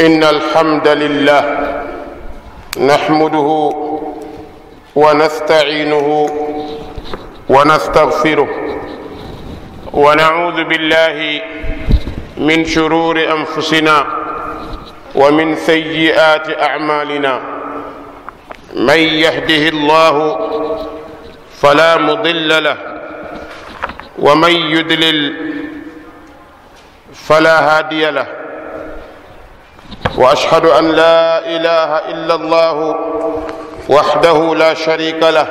إن الحمد لله نحمده ونستعينه ونستغفره ونعوذ بالله من شرور أنفسنا ومن سيئات أعمالنا من يهده الله فلا مضل له ومن يدلل فلا هادي له واشهد ان لا اله الا الله وحده لا شريك له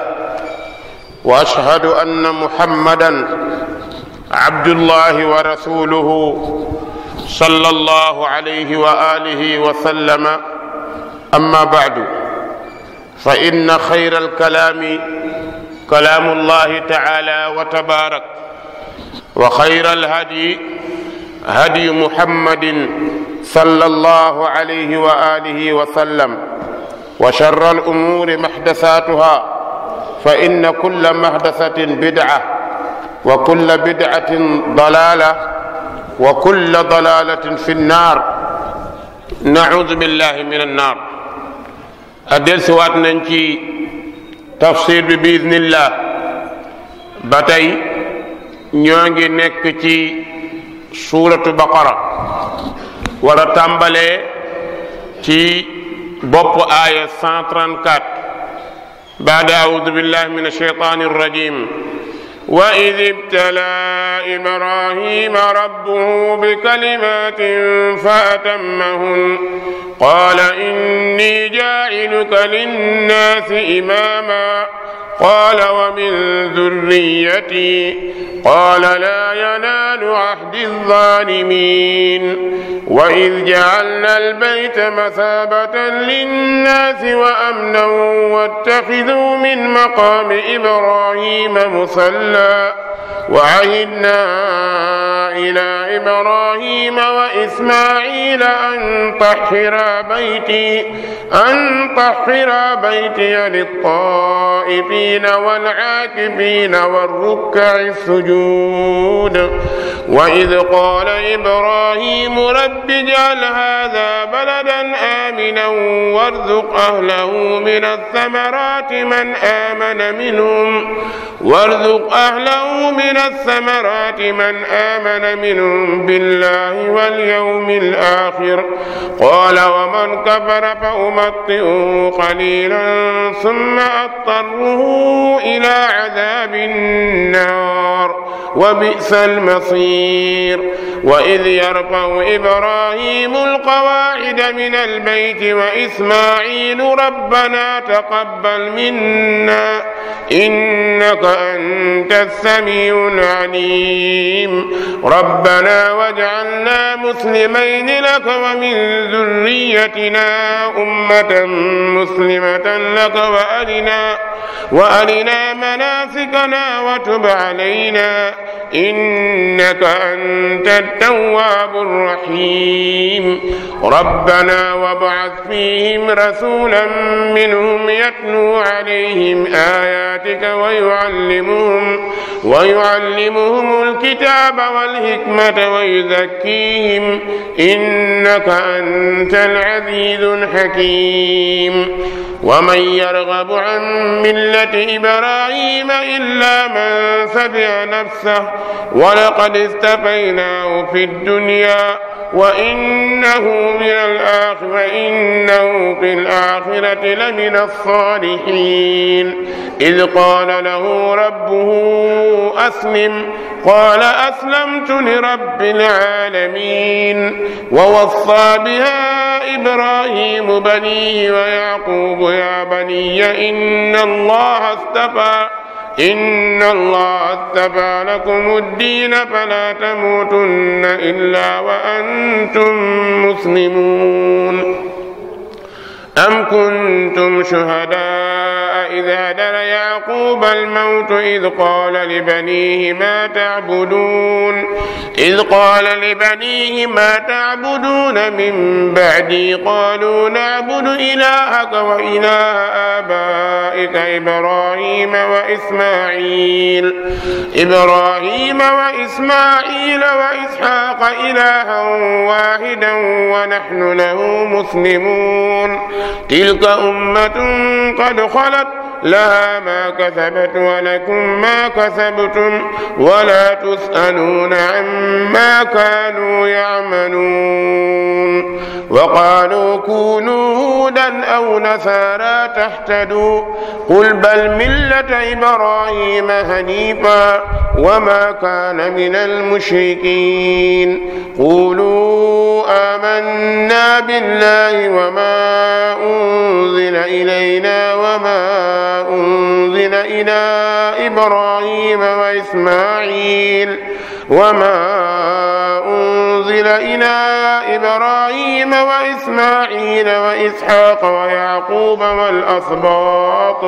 واشهد ان محمدا عبد الله ورسوله صلى الله عليه واله وسلم اما بعد فان خير الكلام كلام الله تعالى وتبارك وخير الهدي هدي محمد صلى الله عليه واله وسلم وشر الامور محدثاتها فان كل محدثه بدعه وكل بدعه ضلاله وكل ضلاله في النار نعوذ بالله من النار الدرس واتنا تفسير باذن الله باتاي ñoo ngi nekk ci suuratu baqara war a tàmbalee ci bopp aaya 134 baada audu billah min alsheytani arrajim wa id ibtala ibrahima rabbuhu bikalimatin fa atammahun qala inni jailuka linnaasi imama قال ومن ذريتي قال لا ينال عهد الظالمين وإذ جعلنا البيت مثابة للناس وأمنا واتخذوا من مقام إبراهيم مصلى وعهدنا إلى إبراهيم وإسماعيل أن طهرا بيتي أن طهرا بيتي للطائفين الصابرين والعاكفين والركع السجود وإذ قال إبراهيم رب اجعل هذا بلدا آمنا وارزق أهله من الثمرات من آمن منهم وارزق أهله من الثمرات من آمن منهم بالله واليوم الآخر قال ومن كفر فأمطئه قليلا ثم أضطره إلى عذاب النار وبئس المصير وإذ يرفع إبراهيم القواعد من البيت وإسماعيل ربنا تقبل منا إنك أنت السميع العليم ربنا واجعلنا مسلمين لك ومن ذريتنا أمة مسلمة لك وأرنا وارنا مناسكنا وتب علينا انك انت التواب الرحيم ربنا وابعث فيهم رسولا منهم يتلو عليهم اياتك ويعلمهم ويعلمهم الكتاب والحكمه ويزكيهم انك انت العزيز الحكيم ومن يرغب عن مله إبراهيم إلا من سفع نفسه ولقد استفيناه في الدنيا وإنه من الآخرة إنه في الآخرة لمن الصالحين إذ قال له ربه أسلم قال أسلمت لرب العالمين ووصى بها إبراهيم بنيه ويعقوب يا بني إن الله الله اصطفى إن الله اصطفى لكم الدين فلا تموتن إلا وأنتم مسلمون أم كنتم شهداء إذ هدر يعقوب الموت إذ قال لبنيه ما تعبدون إذ قال لبنيه ما تعبدون من بعدي قالوا نعبد إلهك وإله آبائك إبراهيم وإسماعيل إبراهيم وإسماعيل وإسحاق إلها واحدا ونحن له مسلمون تلك أمة قد خلت لها ما كسبت ولكم ما كسبتم ولا تسألون عما كانوا يعملون وقالوا كونوا هودا أو نصارى تهتدوا قل بل ملة إبراهيم هنيفا وما كان من المشركين قولوا آمنا بالله وما أنزل إلينا وما أنزل إلى إبراهيم وإسماعيل وما أنزل أرسل إلى إبراهيم وإسماعيل وإسحاق ويعقوب والأسباط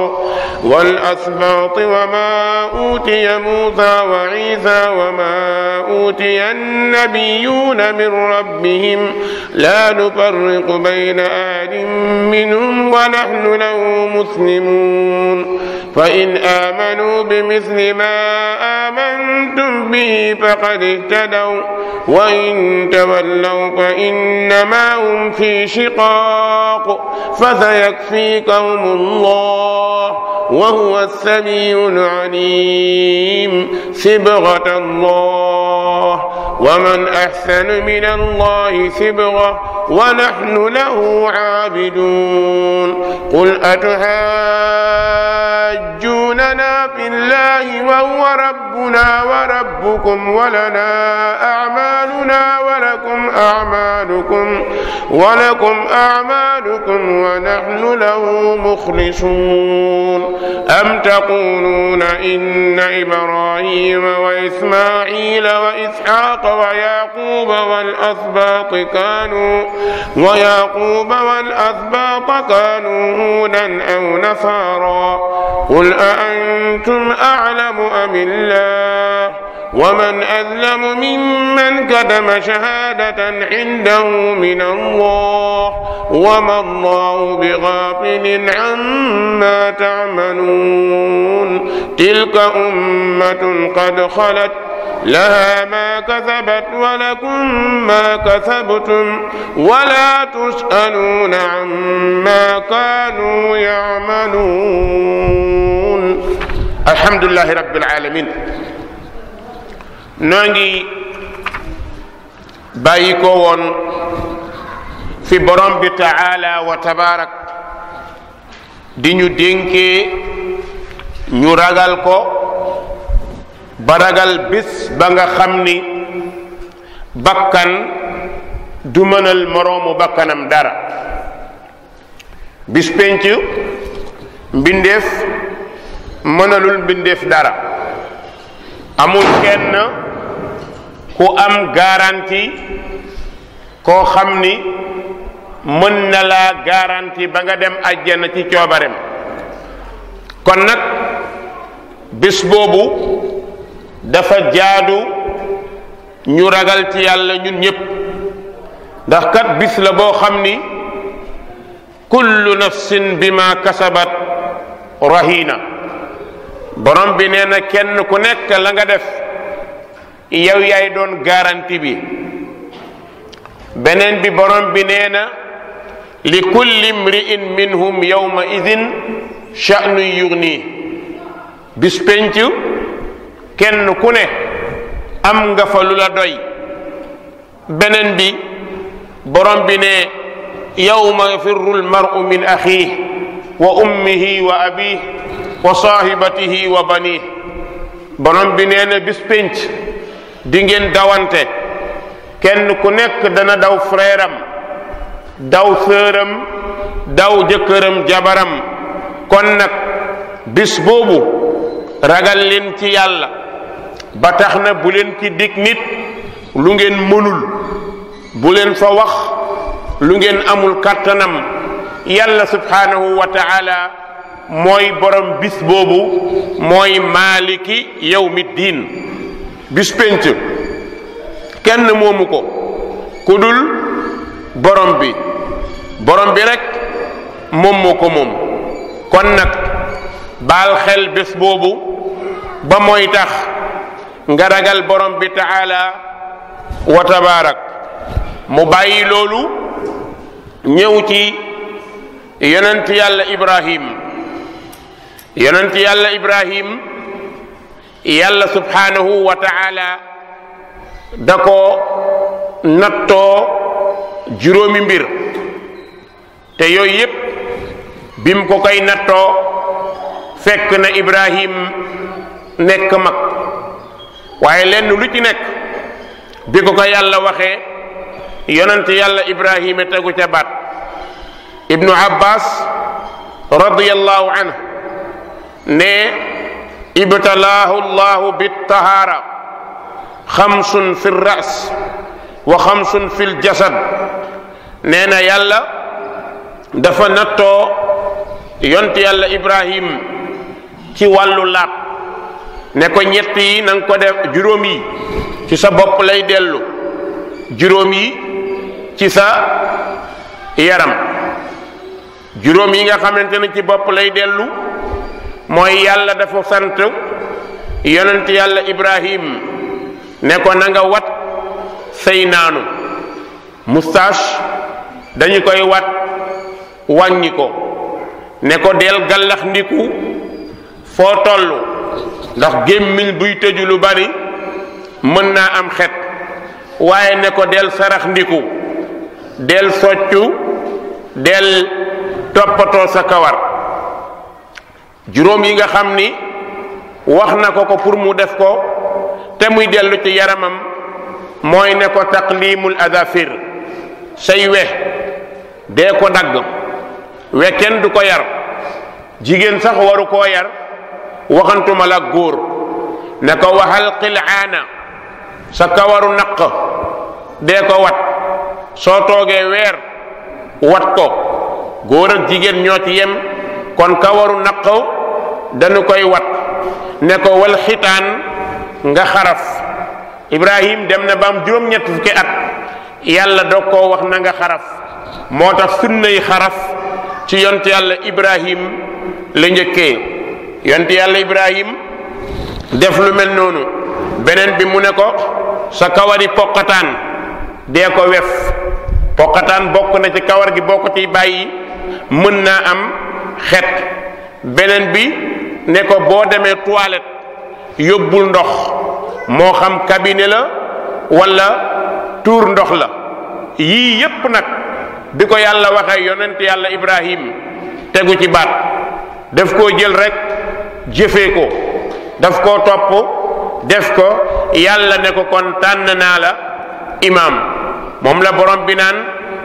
والأسباط وما أوتي موسى وعيسى وما أوتي النبيون من ربهم لا نفرق بين أحد منهم ونحن له مسلمون فإن آمنوا بمثل ما آمنتم به فقد اهتدوا وإن تولوا فإنما هم في شقاق فسيكفيكهم الله وهو السميع العليم صبغة الله ومن أحسن من الله صبغة ونحن له عابدون قل أتهاجون يحجوننا في الله وهو ربنا وربكم ولنا أعمالنا ولكم أعمالكم ولكم أعمالكم ونحن له مخلصون أم تقولون إن إبراهيم وإسماعيل وإسحاق ويعقوب والأسباط كانوا ويعقوب والأسباط كانوا هودا أو نصارى قل أأنتم أعلم أم الله ومن أظلم ممن كتم شهادة عنده من الله وما الله بغافل عما تعملون تلك أمة قد خلت لها ما كسبت ولكم ما كسبتم ولا تسألون عما كانوا يعملون alhamdulilahi rabbil alamin noo ngi bàyyi ko woon fi borom bi taala wa tabarak di ñu dénkee ñu ragal ko ba ragal bis ba nga xam ni bakkan du mënal moroomu bakkanam dara bis penc mbindeef mënalul mbindeef dara amul kenn ku am garantie koo xam ni mën na laa garantie ba nga dem àjjana ci coobarem kon nag bés boobu dafa jaadu ñu ragal ci yàlla ñun ñépp ndax kat bis la boo xam ni kullu nafsin bima kasabat rahina borom bi kenn ku nekk la nga def yow yay doon garanti bi beneen bi borom bi li kulli mri'in minhum yawma idin sha'nu yughni bis penc kenn ku ne am nga fa lu la doy beneen bi borom bi ne yawma yafirru al min akhihi wa ummihi wa abihi wa saahibatihi wa bani borom bi nee na bis pénc di ngeen dawante kenn ku nekk dana daw frère daw sëram daw jëkkëram jabaram kon nag bis boobu ragal leen ci yàlla ba tax na bu leen ki dig nit lu ngeen mënul bu leen fa wax lu ngeen amul kàttanam yàlla subhanahu wa ta'ala mooy borom bis boobu mooy maaliki yawmi diin bis pénc kenn moomu ko ku dul borom bi borom bi rek moom moo ko moom kon nag baal xel bés boobu ba mooy tax nga ragal borom bi taala wa tabaarak mu bàyyi loolu ñëw ci yonent yàlla Ibrahim yonent yàlla ibrahim yàlla subhanahu wa taala da ko nattoo mbir te yooyu yépp bim ko koy nattoo fekk na ibrahim nekk mag waaye lenn lu ci nekk bi ko ko yàlla waxee yonent yàlla ibrahima tegu ca baat ibnu abbas radiyallahu anhu ne ibtalaahu llahu bittahaara xamsun fi ras wa xamsun fi ljasad nee na yàlla dafa nattoo yont yàlla ibrahim ci wàllu laab ne ko ñett yi na ko def juróom yi ci sa bopp lay dellu juróom yi ci sa yaram juróom yi nga xamante ne ci bopp lay dellu mooy yàlla dafa sant yonent yàlla ibrahim ne ko nanga wat say naanu moustache dañu koy wat wàññi ko ne ko del gallax foo toll ndax gémmiñ buy tëju lu bari mën naa am xet waaye ne ko del sarax ndiku del soccu del toppatoo sa kawar juróom yi nga xam ni wax na ko ko pour mu def ko te muy dellu yaramam mooy ne ko taqlimul azafir say we dee ko dagg we kenn du ko yar jigéen sax waru koo yar waxantuma la góor ne ko waxal qilaana sa kawaru naq dee ko wat soo toogee weer wat ko góor jigéen ñoo yem kon kawaru naq dañu koy wat ne ko wal xitaan nga xaraf ibrahim dem na baam am juróom-ñett fukki at yàlla doog koo wax na nga xaraf moo tax sunnay xaraf ci yont yàlla ibrahim la njëkkee yont yàlla ibrahim def lu mel noonu beneen bi mu ne ko sa kawari poqataan dee ko wef poqataan bokk na ci kawar gi boo ko ciy bàyyi mën naa am xet beneen bi ne ko boo demee toilette yóbbul ndox moo xam cabinet la walla tuur ndox la yii yépp nag bi ko yàlla waxee yonent yàlla ibrahim tegu ci baat def koo jël rekk jëfe ko daf koo topp def ko yàlla ne ko kon tànn naa la imaam moom la borom bi naan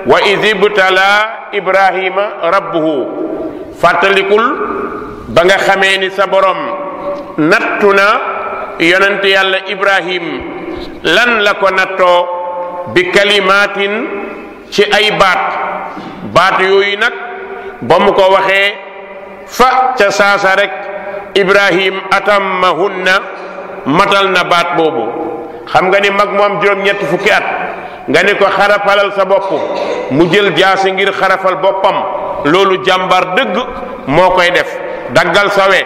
wa idibtala ibrahima rabbuhu fàttalikul ba nga xamee ni sa borom nattu na yonent yàlla ibrahim lan la ko nattoo bi kalimaatin ci ay baat baat yooyu nag ba mu ko waxee fa ca saasa rek ibrahim na matal na baat boobu xam nga ni mag moom juróom-ñetti fukki at nga ni ko xarafalal sa bopp mu jël jaasi ngir xarafal boppam loolu jàmbar dëgg moo koy def daggal sawe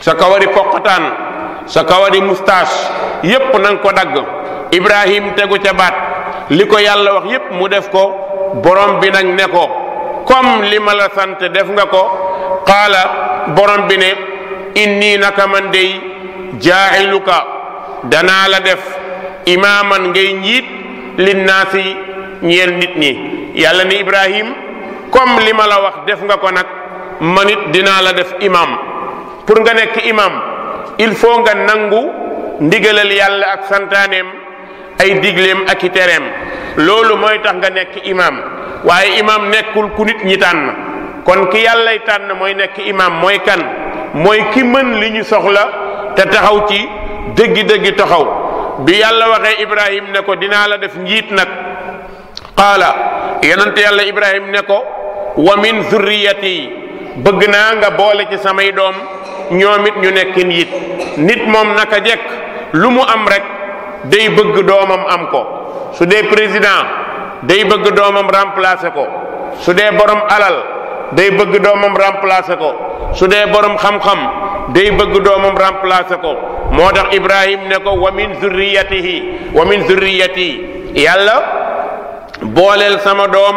sa kawari poqataan sa kawari mustaas yépp nanga ko dagg ibrahim tegu ca baat li ko yàlla wax yépp mu def ko borom bi nag ne ko comme li ma la sant def nga ko qaala borom bi ne inni naka man dey jaaxiluka danaa la def imaaman ngay njiit linnaasi ñeel nit ñi yàlla ni ibrahim comme li ma la wax def nga ko nag man it dinaa la def imam pour nga nekk imaam il faut nga nangu ndigalal yàlla ak santaaneem ay digleem ak i tereem loolu mooy tax nga nekk imaam waaye imaam nekkul ku nit ñi tànn kon ki yàllay tànn mooy nekk imam mooy kan mooy ki mën li ñu soxla te taxaw ci dëggi-dëggi taxaw bi yàlla waxee ibrahim ne ko dinaa la def njiit nag qaala yonent yàlla ibrahim ne ko wa min zurriyati bëgg naa nga boole ci samay doom ñoom it ñu nekk nit nit moom naka jekk lu mu am rek day bëgg doomam am ko su dee président day bëgg doomam remplacer ko su dee borom alal day bëgg doomam remplacer ko su dee borom xam-xam day bëgg doomam remplacer ko moo tax Ibrahim ne ko wa min zurriyatihi wa min zurriyati yàlla booleel sama doom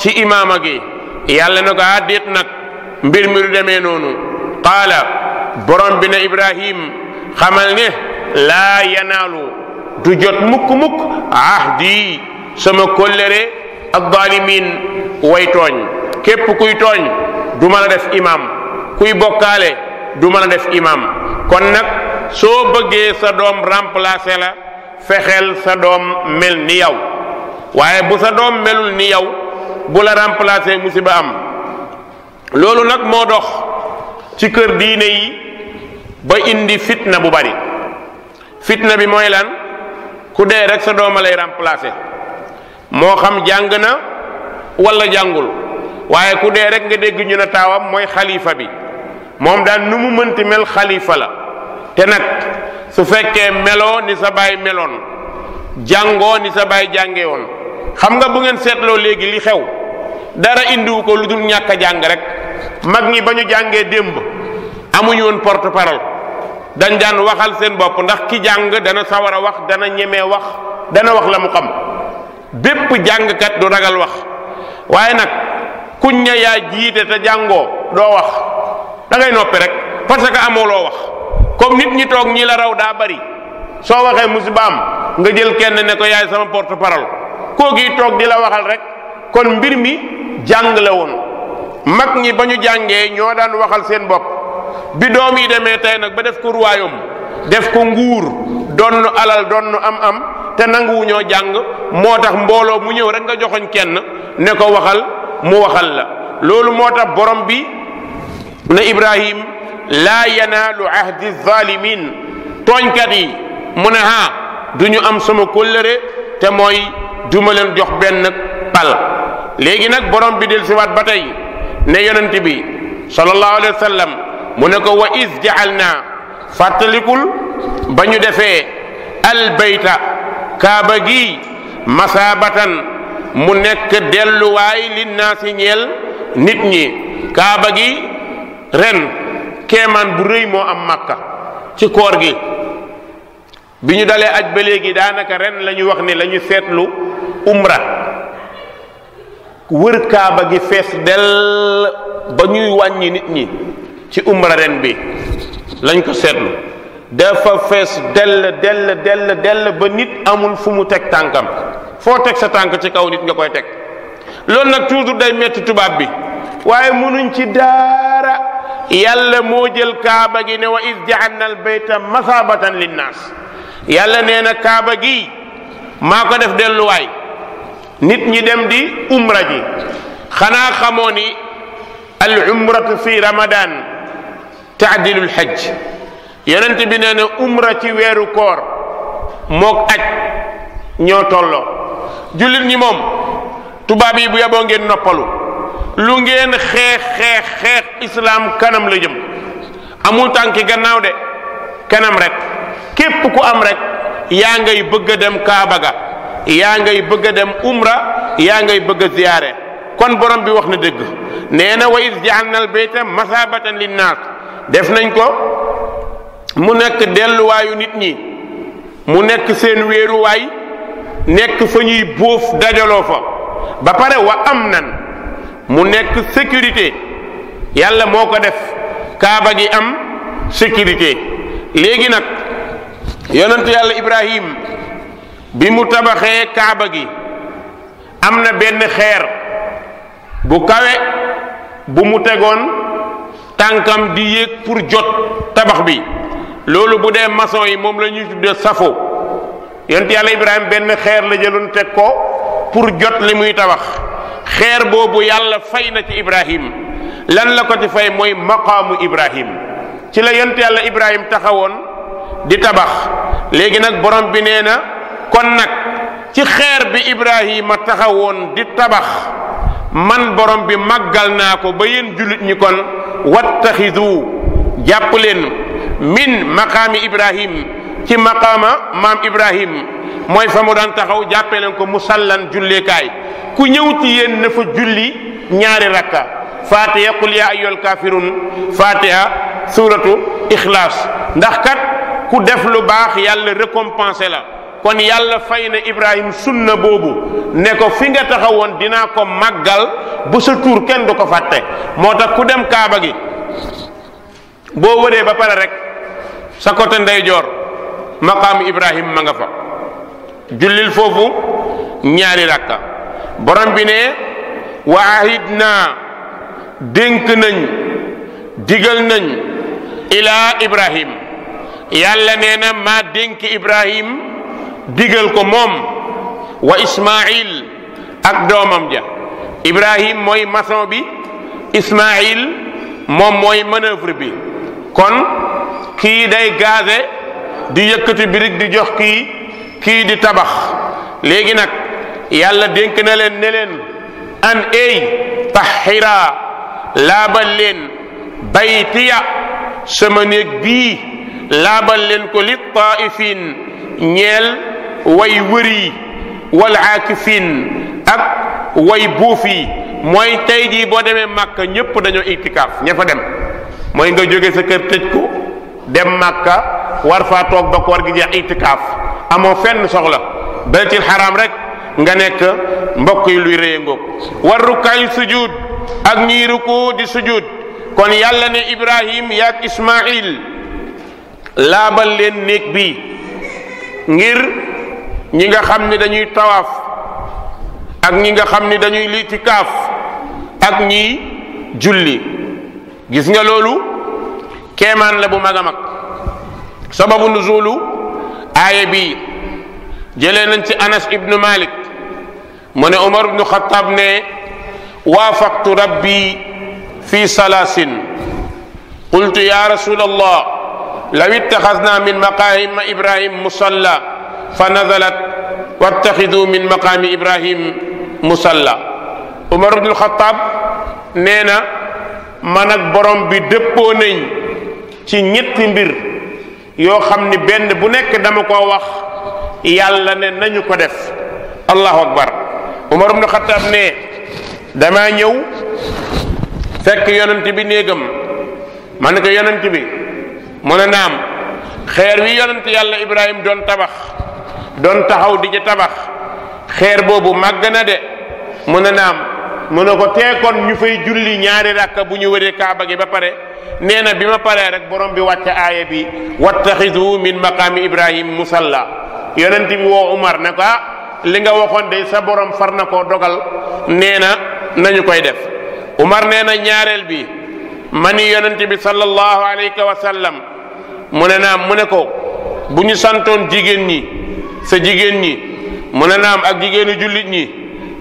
ci imaama gi yàlla na ko ah déet nag mbir mi du demee noonu qaala borom bi ne Ibrahim xamal ne laa yanaalu du jot mukk-mukk ahdi sama kóllëre ak zalimin way tooñ képp kuy tooñ du mën def imam kuy bokkaale du mën def imam kon nag soo bëggee sa doom remplacer la fexeel sa doom mel ni yow waaye bu sa doom melul ni yow bu la remplacer musiba am loolu nag moo dox ci kër diine yi ba indi fitna bu bari fitna bi mooy lan ku dee rek sa dooma lay remplacer moo xam jàng na wala jàngul waaye ku dee rek nga dégg ñu ne taawam mooy xalifa bi moom daan nu mu mënti mel xalifa la te nag su fekkee meloo ni sa baay meloon jàngoo ni sa baay jàngewoon xam nga bu ngeen seetloo léegi li xew dara indiwu ko lu dul ñàkk jàng rek mag ñi ba ñu jàngee démb amuñu woon porte parole dañ daan waxal seen bopp ndax ki jàng dana sawar a wax dana ñemee wax dana wax la mu xam bépp jàngkat du ragal wax waaye nag kuñ ne yaa jiite te jàngoo doo wax da ngay noppi rek parce que amoo loo wax comme nit ñi toog ñii la raw daa bari soo waxee musibaam nga jël kenn ne ko yaay sama porte parole koo gi toog di la waxal rek. kon mbir mi jàng la woon mag ñi ba ñu jàngee ñoo daan waxal seen bopp bi doom yi demee tey nag ba def ko def ko nguur doon nu alal doon nu am-am te nanguwuñoo jàng moo tax mbooloo mu ñëw rek nga joxoñ kenn ne ko waxal mu waxal la loolu moo tax borom bi ne Ibrahim laa yanaalu ahdi zalimin tooñkat yi mu ne ha du ñu am sama kóllëre te mooy duma leen jox benn pal léegi nag borom bi del siwaat ba tey ne yonent bi sallallahu alayhi wa sallam mu ne ko wa is jaal naa fàttalikul ba ñu defee albayta kaaba gi masaabatan mu nekk delluwaay linnaasi ñeel nit ñi kaaba gi ren keemaan bu rëy moo am màkka ci koor gi bi ñu dalee aj ba léegi daanaka ren la wax ne la ñu seetlu umra wër kaaba gi fees dell ba ñuy wàññi nit ñi ci umra ren bi lañ ko seetlu dafa fees dell dell dell ba nit amul fu mu teg tànkam foo teg sa tànk ci kaw nit nga koy teg loolu nag toujours day metti tubaab bi waaye mënuñ ci daara yàlla moo jël kaaba gi ne wa iz ja'alna al bayta masabatan linnaas yàlla nee na kaaba gi maa ko def delluwaay nit ñi dem di umra ji xanaa xamoo ni al umratu fi ramadan taadilul xaj yonent bi nee na umra ci weeru koor mook aj ñoo tolloo jullit ñi moom tubaab yi bu yaboo ngeen noppalu lu ngeen xeex xeex xeex islaam kanam la jëm amul tànki gannaaw de kanam rek képp ku am rek yaa ngay bëgg a dem kaaba ga yaa ngay bëgg dem umra yaa ngay bëgg a ziyaare kon borom bi wax na dëgg nee na wa iz ja'alna al bayta masabatan linnaas def nañ ko mu nekk delluwaayu nit ñi mu nekk seen weeruwaay nekk fa ñuy boofu dajaloo fa ba pare wa am nan mu nekk sécurité yàlla moo ko def kaaba gi am sécurité léegi nag yonentu yàlla Ibrahim bi mu tabaxee kaaba gi am na benn xeer bu kawe bu mu tegoon tànkam di yéeg pour jot tabax bi loolu bu dee mason yi moom la ñuy tudde safo yonent yàlla ibrahima benn xeer la jëloon teg ko pour jot li muy tabax xeer boobu yàlla fay na ci ibrahim lan la ko ci fay mooy maqaamu ibrahim ci la yonent yàlla ibrahim taxawoon di tabax léegi nag borom bi nee na kon nag ci xeer bi Ibrahima taxawoon di tabax man borom bi màggal naa ko ba yéen jullit ñi kon wattaxidu jàpp leen min maqaami Ibrahim ci maqaama maam Ibrahim mooy fa mu daan taxaw jàppee leen ko musallan julleekaay ku ñëw ci yéen na fa julli ñaari rakka fatiha qul ya ayyuhal kafirun fatiha suratu ixlaas ndax kat ku def lu baax yàlla récompensé la kon yàlla fay na Ibrahim sunna boobu ne ko fi nga taxawoon dinaa ko màggal bu sa tuur kenn du ko fàtte moo tax ku dem Kaaba gi boo wëree ba pare rek sa côté ndeyjoor ma maqaamu Ibrahim ma nga fa jullil foofu ñaari rakka borom bi ne wa naa dénk nañ digal nañ ilaa Ibrahim yàlla nee na maa dénk Ibrahim digal ko moom wa ismail ak doomam ja ibrahim mooy maçon bi ismail moom mooy manœuvre bi kon kii day gaaze di yëkkati birig di jox kii kii di tabax léegi nag yàlla dénk na leen ne leen an ey tahira laabal leen baytiya sama néeg bii laabal leen ko lit taifin ñeel way wëri wal aakifin ak woy buuf yi mooy tey jii boo demee màkk ñépp dañoo itikaaf ña fa dem mooy nga jóge sa kër tëj ko dem màkka war fa toog ba koor gi jeex itikaaf amoo fenn soxla baytil xaram rek nga nekk mbokk yi luy réye ngoog war rukkaayu sujud ak ñii ruku di sujud kon yàlla ne ibrahim yaak ismail laabal leen néeg bi ngir ñi nga xam ni dañuy tawaaf ak ñi nga xam ni dañuy litikaaf ak ñiy julli gis nga loolu keemaan la bu mag a mag sababu nuzulu aaya bii jëlee nañ ci anas ibnu malik mu ne umar ibnu xataab ne waafaqtu rabbi fi salaasin qultu ya rasul law ittaxadna min maqaahima ibrahim musalla fa nazalat wattaxidu min maqaami ibrahim musalla umar ibnul xataab nee na man ak borom bi dëppoo nañ ci ñetti mbir yoo xam ni benn bu nekk dama koo wax yàlla ne nañu ko def allahu akbar umar ibnul xataab ne damaa ñëw fekk yonent bi néegam ma ne ko yonent bi mu ne naam xeer wi yonent yàlla ibrahim doon tabax doon taxaw di ca tabax xeer boobu màgg na de mu ne naam mu ne ko teekoon ñu fay julli ñaari rakka bu ñu wëree kaaba gi ba pare nee na bi ma paree rek borom bi wàcce aaya bi wattaxidu min maqaami ibrahim musalla yonent bi woo Umar ne ko ah li nga waxoon de sa borom far na koo dogal nee na nañu koy def Umar nee na ñaareel bi mani yonent bi sallallahu alayhi wa sallam mu ne naam mu ne ko bu ñu santoon jigéen ñi sa jigéen ñi mën na am ak jigéenu jullit ñi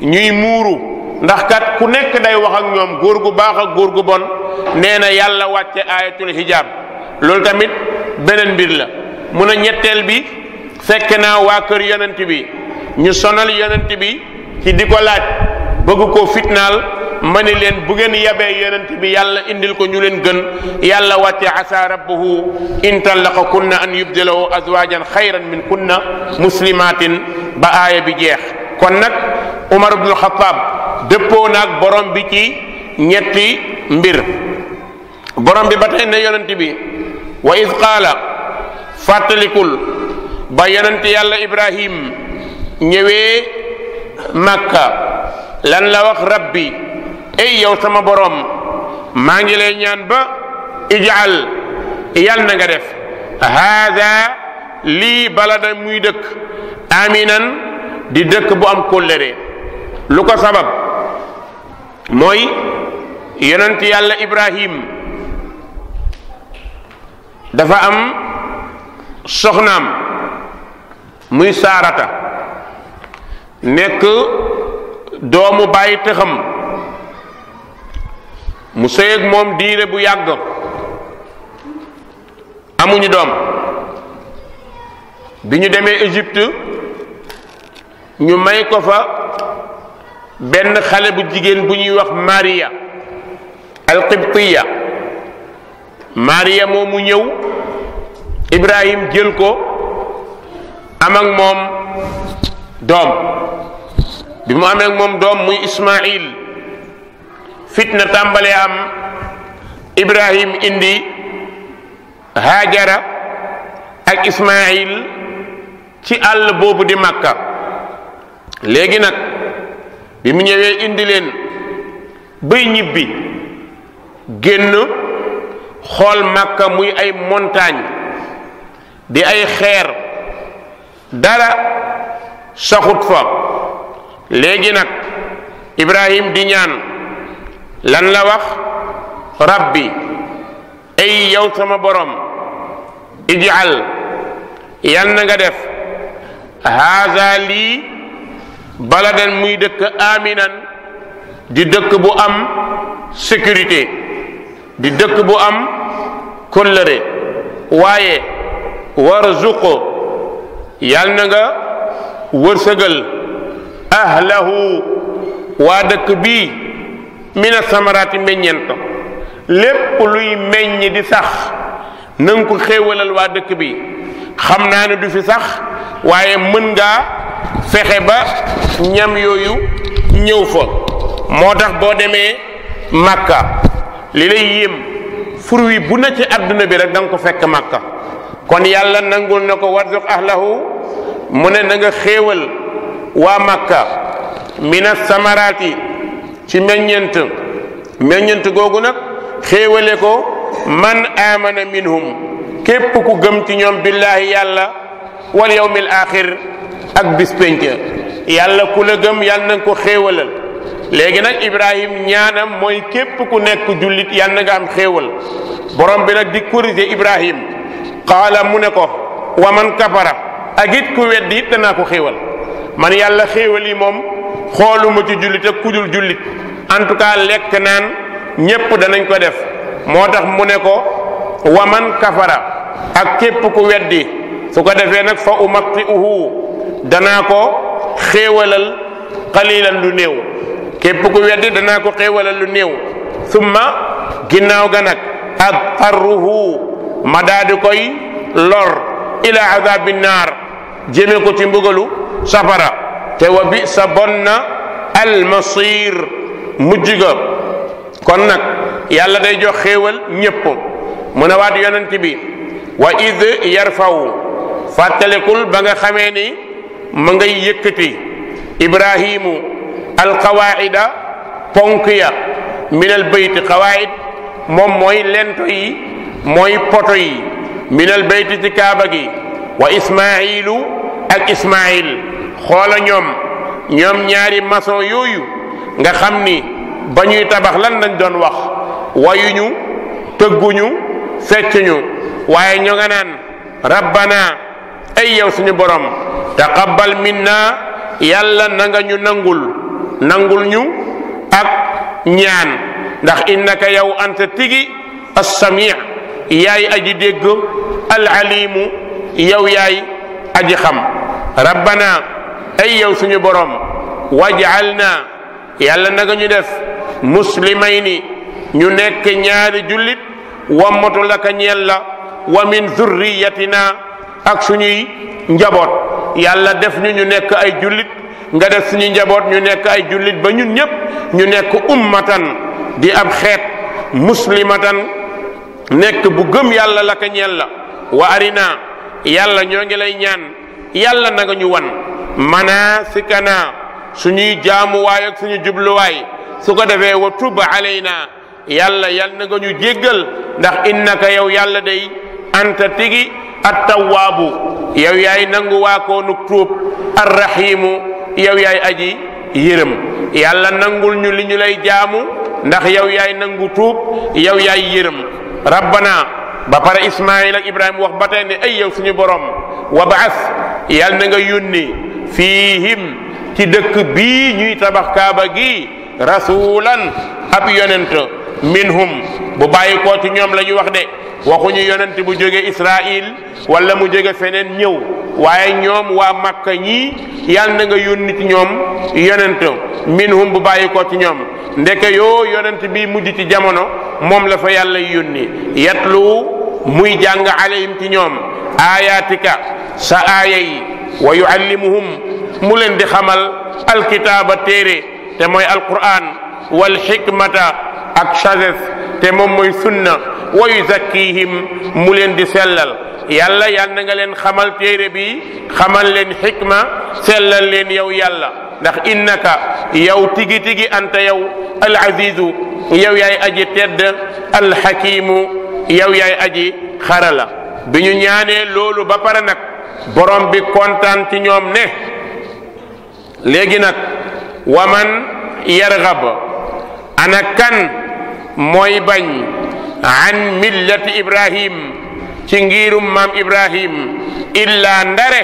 ñuy muuru ndax kat ku nekk day wax ak ñoom góor gu baax ak góor gu bon nee na yàlla wàcce ayatul hijab loolu tamit beneen mbir la mu ne ñetteel bi fekk naa waa kër yonent bi ñu sonal yonent bi ci di ko laaj bëgg ko fitnaal ma ni leen bu ngeen yabee yonent bi yàlla indil ko ñu leen gën yàlla wàcce asa rabbuhu in tallaqa kunna an yubdilahu azwajan xayran min kunna muslimatin ba aaya bi jeex kon nag Umar ibnu Xattaab dëppoo naag borom bi ci ñetti mbir borom bi ba tey ne yonent bi wa id qaala fàttalikul ba yonent yàlla Ibrahim ñëwee Makka lan la wax rabbi ey yow sama boroom maa ngi lay ñaan ba ijaal yal na nga def haada lii balada muy dëkk aminan di dëkk bu am kóllëre lu ko sabab mooy yonent yàlla ibrahim dafa am soxnaam muy saarata nekk doomu bàyyi tëxam mu sëyeeg moom diire bu yàgg amuñu doom bi ñu demee Égypte ñu may ko fa benn xale bu jigéen bu ñuy wax Maria alqibtiya Maria moom mu ñëw Ibrahim jël ko am ak moom doom bi mu amee moom doom muy Ismaïl fitna tàmbalee am ibrahim indi haajara ak ismail ci àll boobu di màkka léegi nag bi mu ñëwee indi leen bay ñibbi génn xool màkka muy ay montagne di ay xeer dara saxut fa léegi nag ibrahim di ñaan lan la wax rabbi ay yow sama borom ijal yal na nga def haza lii baladan muy dëkk aminan di dëkk bu am sécurité di dëkk bu am kóllëre waaye warzuqo yal na nga wërsëgël ahlahu waa dëkk bii mina samaraati meññeent lépp luy meññ di sax na ko xéewalal waa dëkk bi xam naa ne du fi sax waaye mën ngaa fexe ba ñam yooyu ñëw fa moo tax boo demee màkka li lay yéem fur wi bu na ci àdduna bi rek danga ko fekk màkka kon yàlla nangul na ko warzuq ahlahu mu ne na nga xéewal waa makka mina samaraati ci meññeent meññent googu nag xéewale ko man amana minhum képp ku gëm ci ñoom billaahi yàlla wal yawmil axir ak bis yàlla ku la gëm yàlla na ko xéewalal léegi nag ibrahim ñaanam mooy képp ku nekk jullit yàlla na nga xéewal borom bi nag di corriger ibrahim qaala mu ne ko wa man kafara ak it ku weddi it danaa ko xéewal man yàlla xéewal moom xooluma ci jullit ak kudul jullit en lekk naan ñépp danañ ko def moo tax mu ne ko waman kafara ak képp ku weddi su ko defee nag fa umatti uhu danaa ko xéewalal xalilan lu néew képp ku weddi dana ko xéewalal lu néew summa ginnaaw ga nag ak tarruhu ma daadi koy lor ila azabi naar jëme ko ci mbugalu safara te wa bi sa bon na almasir mujj ga kon nag yàlla day jox xéewal ñépp mu ne waat yonent bi wa id faw fàttalekul ba nga xamee ni ma ngay yëkkati ibrahimu alqawaida ponk ya minal bayti qawaid moom mooy lento yi mooy poto yi minal bayti ci kaaba gi wa ismailu ak Ismaïl xoola ñoom ñoom ñaari mason yooyu nga xam ni ba ñuy tabax lan lañ doon wax wayuñu tëgguñu feccuñu waaye ñoo nga naan rabbana ay yow suñu borom taqabbal minna yàlla na nga ñu nangul nangul ñu ak ñaan ndax innaka yow anta tigi as-sami' yaay aji dégg al alimu yow yaay aji xam rabbana ay yow suñu borom wajalna yàlla naga ñu def muslimayni ñu nekk ñaari jullit wammatu laka ñeel la wa min zurriyatina ak suñuy njaboot yàlla def ñu ñu nekk ay jullit nga def suñuy njaboot ñu nekk ay jullit ba ñun ñëpp ñu nekk ummatan di ab xeet muslimatan nekk bu gëm yàlla la ka la wa arina yàlla ñoo ngi lay ñaan yàlla na ñu wan manaasikana suñuy jaamuwaay ak suñu jubluwaay su ko defee wa tub alayna yàlla yal na nga ñu jéggal ndax innaka yow yàlla day anta tigi attawaabu yow yaay nangu waakoonuk tuub arrahimu yow yaay aji yërëm yàlla nangul ñu li ñu lay jaamu ndax yow yaay nangu tuub yow yaay yërëm rabbana ba pare Ismaayil ak Ibrahima wax ba tey ne ay yow suñu borom wa baas yàlla na nga yónni fiihim ci dëkk bii ñuy tabax kaaba gi rasulan ab yonent minhum bu bàyyi koo ci ñoom la ñu wax de waxuñu yonent bu jóge Israil wala mu jóge feneen ñëw waaye ñoom waa Makka ñii yàlla na nga yónni ci ñoom yonent minhum bu bàyyi koo ci ñoom ndeke yoo yonent bi mujj ci jamono moom la fa yàlla yónni yatlu muy jàng alayhim ci ñoom ayatika sa aaya yi wa yuallimuhum mu leen di xamal alkitaaba téere te mooy alquran wal xikmata ak sagesse te moom mooy sunna wa yuzakkihim mu leen di sellal yàlla yàlla na nga leen xamal téere bi xamal leen xikma sellal leen yow yàlla ndax innaka yow tigi tigi anta yow al azizu yow yaay aji tedd al yow yaay aji xarala bi ñu ñaanee loolu ba pare nag borom bi kontaan ci ñoom ne léegi nag waman yargab ana kan mooy bañ an millati ibrahim ci ngirum maam ibrahim illa ndare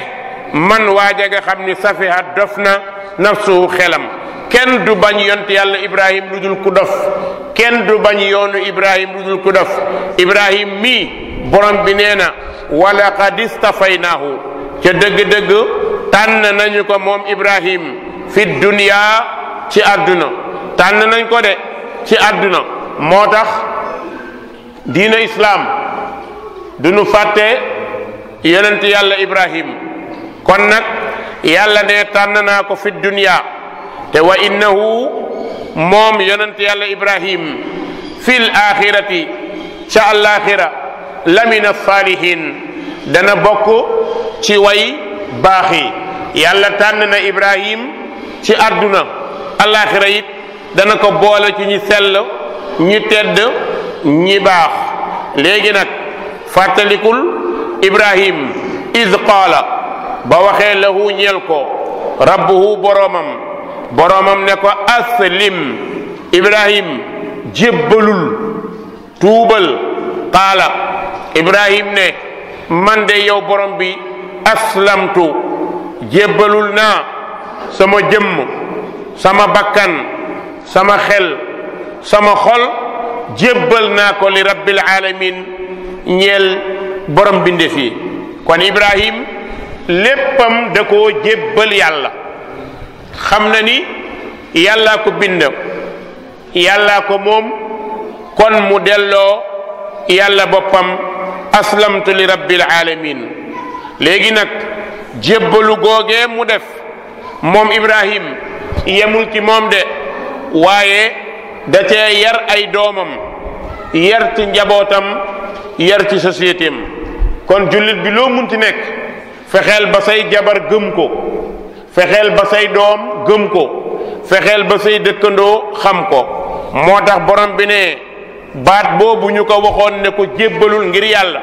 man waaja nga xam ni safiha dof na nafsuhu xelam kenn du bañ yont yàlla ibrahim lu dul ku dof kenn du bañ yoonu ibrahim lu dul ku dof ibrahim mii borom bi nee na walaqad istafaynaahu ca dëgg-dëgg tànn nañu ko moom ibrahim fi dunia ci àdduna tànn nañ ko de ci àdduna moo tax diina islaam du nu fàtte yonent yàlla ibrahim kon nag yàlla ne tànn naa ko fi dunya te wa innahu moom yonent yàlla ibrahim fil axirati ca alaxira lamina saalihin dana bokk ci way baaxi yi yàlla tànn na ibrahim ci àdduna alaxira dana ko boole ci ñi sell ñi tedd ñi baax léegi nag fàttalikul ibrahim id qaala ba waxee lahu ñeel ko rabbuhu boroomam boromam ne ko aslim ibrahim jébbalul tuubal qaala ibrahim ne man de yow borom bi aslamtu jébbalul naa sama jëmm sama bakkan sama xel sama xol jébbal na ko li rabbil alamin ñeel borom bindéef yi léppam da ko jébbal yàlla xam na ni yàlla ko bindam yàlla ko moom kon mu delloo yàlla boppam aslamtu li rabbil alamin léegi nag jébbalu googee mu def moom ibrahim yemul ci moom de waaye da cee yar ay doomam yar ci njabootam yar ci société am kon jullit bi loo munti nekk fexeel ba say jabar gëm ko fexeel ba say doom gëm ko fexeel ba say dëkkandoo xam ko moo tax borom bi ne baat boobu ñu ko waxoon ne ko jébbalul ngir yàlla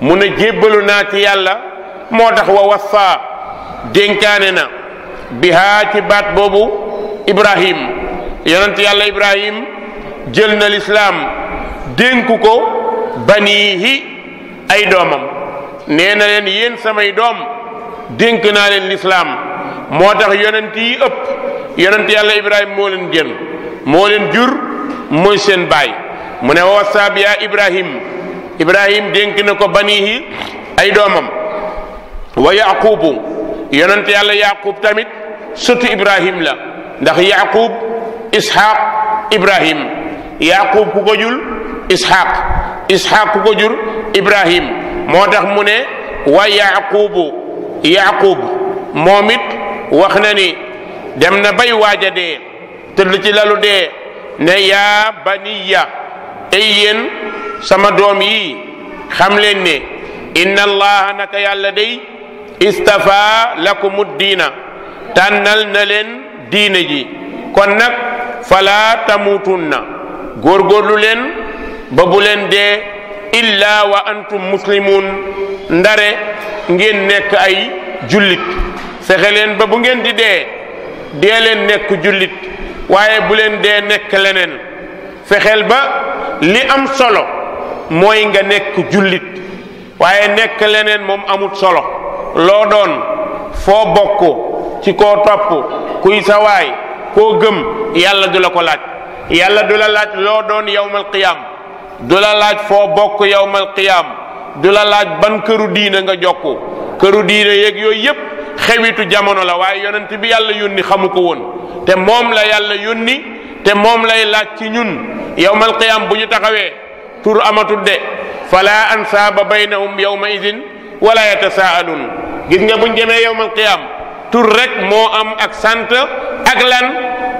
mu ne jébbalu naa ci yàlla moo tax wa wassaa dénkaane na bihaa ci baat boobu ibrahim yonent yàlla ibrahim jël na lislaam dénku ko baniihi ay doomam nee na leen yéen samay doom dénk naa leen lislaam moo tax yonent yi ëpp yonent yàlla ibrahima moo leen gën moo leen jur mooy seen baay mu ne wasaa biya ibrahim ibrahim dénk na ko banihi ay doomam wa yaqubu yonent yàlla yaqub tamit sëtu ibrahim la ndax yaqub ishaq ibrahim yaqub ku ko jur ishaq ishaq ku ko jur ibrahim moo tax mu ne wa yaqubu yaqub moom it wax na ni dem na bay waaj a dee tëdd ci lalu de ne yaa baniya ay yéen sama doom yi xam leen ne inna allaha naka yàlla day istafa lakumu diina tànnal na leen diina ji kon nag fala tamutunna góorgóorlu leen ba bu leen dee illa wa antum muslimun ndare ngeen nekk ay jullit fexe leen ba bu ngeen di dee dee leen nekk jullit waaye bu leen dee nekk leneen fexeel ba li am solo mooy nga nekk jullit waaye nekk leneen moom amut solo loo doon foo bokk ci koo topp kuy sawaay koo gëm yàlla du la ko laaj yàlla du la laaj loo doon yawmal qiyaam du la laaj foo bokk yawmal qiyaam du la laaj ban këru diine nga jokku këru diine yeeg yooyu yépp xewitu jamono la waaye yonent bi yàlla yónni xamu ko woon te moom la yàlla yónni te moom lay laaj ci ñun yawmal qiyaam bu ñu taxawee tur amatul de fala ansaaba baynahum yawma idin wala yatasaaluun gis nga buñ demee yawmal qiyaam tur rekk moo am ak sant ak lan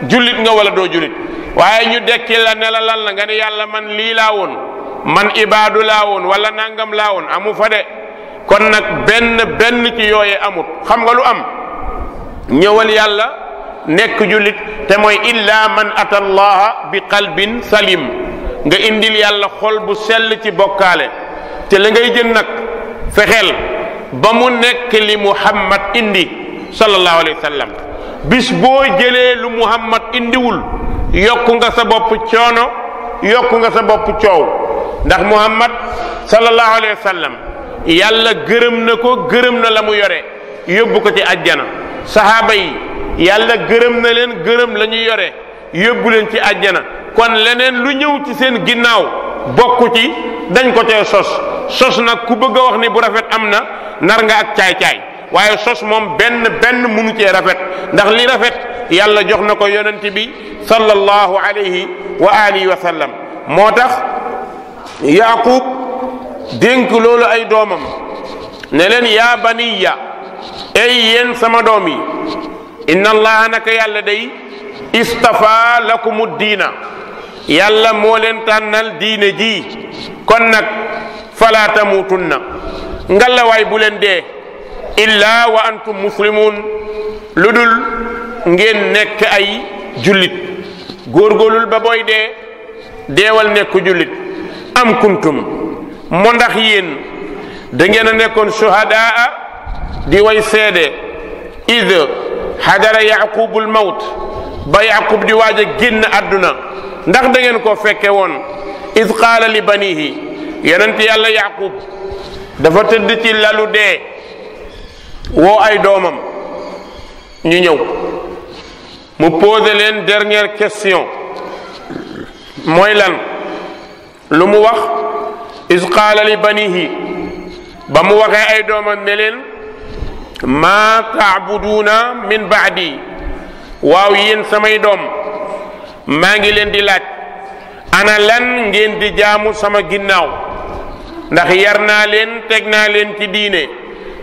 jullit nga wala doo jullit waaye ñu dekki la ne la lan la nga ne yàlla man lii laa woon man ibaadu laa woon wala nangam laa woon amu fa de kon nag benn benn ci yooye amut xam nga lu am ñëwal yàlla nekk jullit te mooy illa man ata allaha bi qalbin salim nga indil yàlla xol bu sell ci bokkaale te la ngay jël nag fexeel ba mu nekk li muhammad indi sallallahu alayhi wa sallam bis boo jëlee lu muhammad indiwul yokku nga sa bopp coono yokku nga sa bopp coow ndax muhammad sallallahu alayhi wa sallam yàlla gërëm na ko gërëm na la mu yore yóbbu ko ci ajjana sahaaba yi yàlla gërëm na leen gërëm la ñu yore yóbbu leen ci ajjana kon leneen lu ñëw ci seen ginnaaw bokk ci dañ ko tee sos sos nag ku bëgg a wax ni bu rafet am na nar nga ak caay-caay waaye sos moom benn benn munu cee rafet ndax li rafet yàlla jox na ko yonent bi sallallahu alayhi wa alihi wa sallam moo tax yaqub dénk loolu ay doomam ne leen yaa baniya ay yéen sama doom yi inna allaha naka yàlla day istafa lakumu diina yàlla moo leen tànnal diine ji kon nag fala tamuutunna ngalawaay bu leen dee illa wa antum muslimun lu dul ngeen nekk ay jullit góorgóorlul ba booy dee deewal nekk jullit am kuntum mo ndax yéen da ngeen a nekkoon suhadaa di way seede id xadara yaqubul mawt ba yaqub di waaj a génn àdduna ndax da ngeen koo fekke woon id qaala li banihi yonent yàlla yaqub dafa tëdd ci lalu dee woo ay doomam ñu ñëw mu poser leen dernière question mooy lan lu mu wax is qaala li banihi ba mu waxee ay doomam ne leen maa taabuduuna min baadi waaw yéen samay doom maa ngi leen di laaj ana lan ngeen di jaamu sama ginnaaw ndax yar naa leen teg naa leen ci diine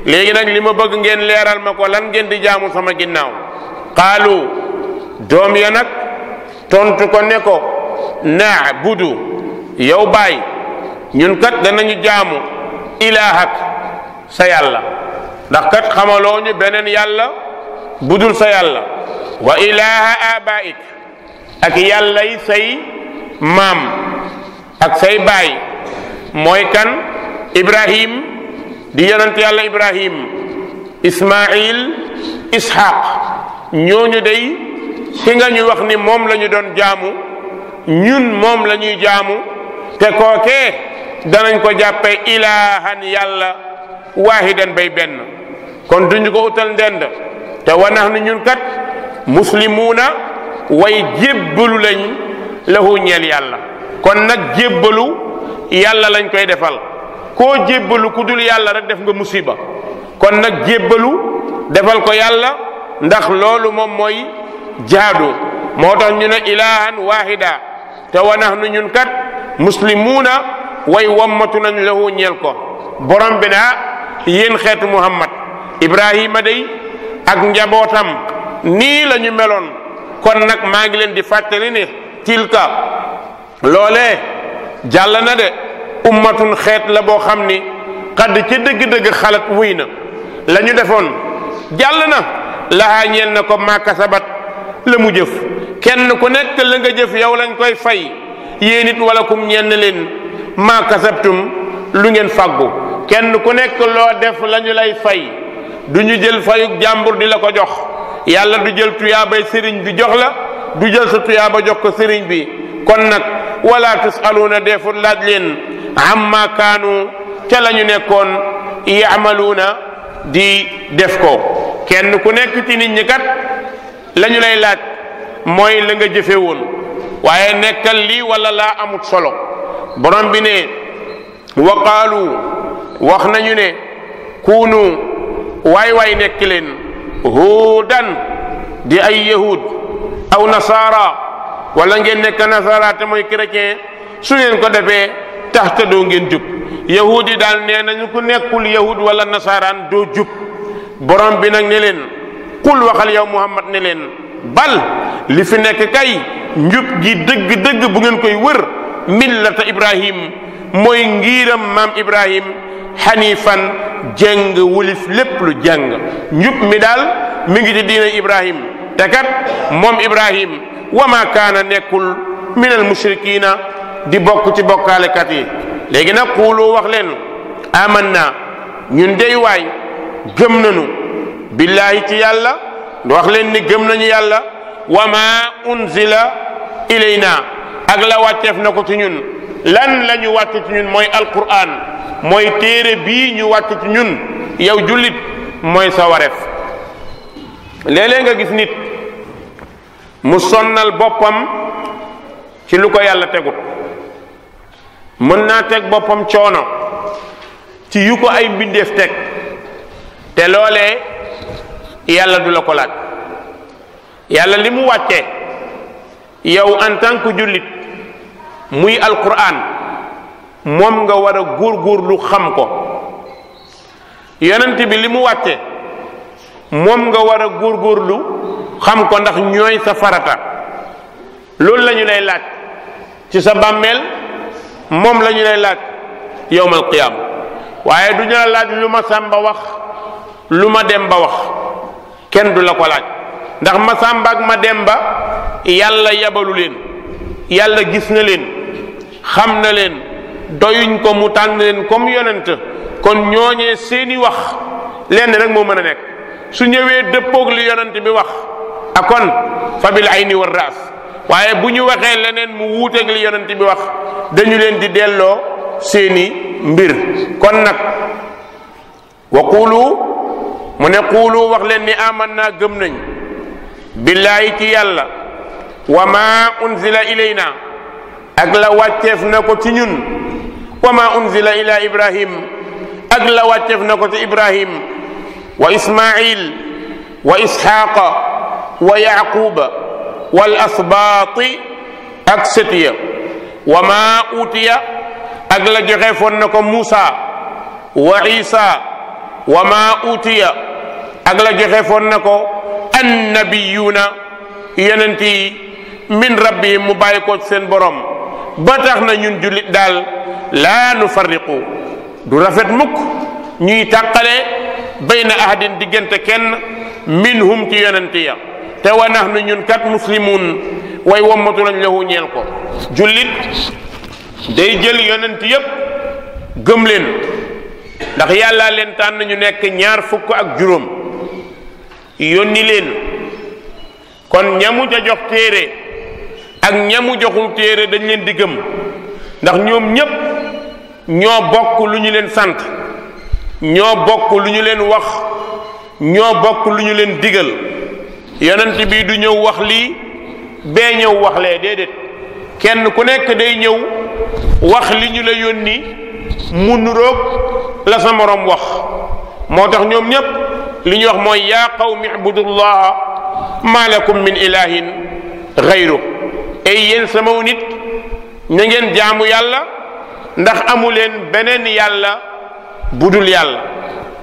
léegi nag li ma bëgg ngeen leeral ma ko lan ngeen di jaamu sama ginnaaw qaalu doom ya nag tontu ko ne ko naabudu yow baay ñun kat danañu jaamu ilaahak sa yàlla ndax kat xamaloo ñu beneen yàlla budul sa yàlla wa ilaaha abaik ak yàllay say maam ak say baay mooy kan ibrahim di yonent yàlla ibrahim ismail ishaq ñooñu day ki nga ñu wax ni moom la ñu doon jaamu ñun moom la ñuy jaamu te kookee danañ ko jàppe ilaahan yàlla waahidan bay benn kon duñu ko utal ndend te wanax ni ñun kat muslimuuna way jébbalu lañu lahu ñeel yàlla kon nag jébbalu yàlla lañ koy defal koo jébbalu ku dul yàlla rek def nga musiba kon nag jébbalu defal ko yàlla ndax loolu moom mooy jaadu moo tax ñu ne ilahan wahida te wanax nu ñun kat muslimuuna way wammatu nañ lahu ñeel ko borom bi naa yéen xeetu muhammad ibrahima day ak njabootam nii lañu meloon kon nag maa ngi leen di fàttali ne tilka loole jàll na de ummatun xeet la boo xam ni xadd ca dëgg-dëgg xalat wuy na la defoon jàll na lahaa ñeel na ko maa kasabat la mu jëf kenn ku nekk la nga jëf yow lañ koy fay yéen it wala kum ñenn leen maa kasabtum lu ngeen fàggu kenn ku nekk loo def lañu lay fay du ñu jël fayug jàmbur di la ko jox yàlla du jël tuyaabay sëriñ bi jox la du jël sa tuyaaba jox ko sëriñ bi kon nag wala tusaluuna deefut laaj leen amma kaanu ca la ñu nekkoon yamaluuna di def ko kenn ku nekk ci nit ñi kat lañu lay laaj mooy la nga jëfe woon waaye nekkal lii walla laa amut solo borom bi ne waqaalu wax nañu ne kunu waay waay nekk leen huudan di ay yahud aw nasaara wala ngeen nekk nasaara te mooy chrétien su ngeen ko defee tax doo ngeen jub yahud yi daal nee nañu ku nekkul yahud wala nasaaraan doo jub borom bi nag ne leen qul waxal yow muhammad ne leen bal li fi nekk kay njub gi dëgg-dëgg bu ngeen koy wër millata ibrahim mooy ngiiram maam ibrahim xanifan jeng wulif lépp lu jàng njub mi daal mi ngi di diina ibrahim te kat moom ibrahim wa ma kaana nekkul min al mushrikina di bokk ci bokkaalekat yi léegi nag xuuloo wax leen aman na dey waay gëm nañu billaahi ci yàlla wax leen ni gëm nañu yàlla wa ma unzila ilayna ak la wàcceef na ko ci ñun lan la ñu ci ñun mooy alquran mooy téere bii ñu wàcc ci ñun yow jullit mooy sa wareef léeg nga gis nit mu sonnal boppam ci lu ko yàlla tegut mën naa teg boppam coono ci yu ko ay mbindeef teg te loolee yàlla du la ko laaj yàlla li mu wàcce yow en tant que jullit muy alquran moom nga war a góorgóorlu xam ko yonent bi li mu wàcce moom nga war a góorgóorlu xam ko ndax ñooy sa farata loolu la ñu lay laaj ci sa bàmmeel moom la ñu lay laaj yowmal qiyaama waaye du ñu la laaj lu ma sàmba wax lu ma dem ba wax kenn du la ko laaj ndax ma sàmba ak ma dem ba yàlla yabalu leen yàlla gis na leen xam na leen doyuñ ko mu tànn leen comme yonent kon ñooñee seeni wax lenn rek moo mën a nekk su ñëwee dëppoog li yonent bi wax a kon fa ay ayni war raas waaye bu ñu waxee leneen mu wuuteeg li yonent bi wax dañu leen di delloo seeni mbir kon nag wa qulu mu ne wax leen ni aman naa gëm nañ billaahi ci yàlla wa ma unzila ilayna ak la wàcceef na ko ci ñun wa ma unzila ila ibrahim ak la wàcceef na ko ci ibrahim wa ismail wa isxaaqa wa yaquba wal asbaati ak sëtiya wa ma utiya ak la joxe foon na ko muusa wa isa wa ma utiya ak la joxe foon na ko annabiyuuna yonent yi min rabbihim mu bàyyi ci seen borom ba tax na ñun jullit daal laa nu farriqu du rafet mukk ñuy tàqale bayna ahadin diggante kenn minhum ci yonent ya te wa nahnu ñun kat muslimun way wommatu lañ lahu ñeel ko jullit day jël yonent yépp gëm leen ndax yàllaa leen tànn ñu nekk ñaar fukk ak juróom yónni leen kon ñamu ca jox téere ak ñamu joxu téere dañ leen di gëm ndax ñoom ñépp ñoo bokk lu ñu leen sant ñoo bokk lu ñu leen wax ñoo bokk lu ñu leen digal yonent bi du ñëw wax lii bee ñëw wax lee déedéet kenn ku nekk day ñëw wax li ñu la yónni mu nuroog la sa morom wax moo tax ñoom ñépp li ñuy wax mooy yaa qawmi ibudullaha ma lakum min ilahin xayru ay yéen sama nit na ngeen jaamu yàlla ndax amu leen beneen yàlla budul yàlla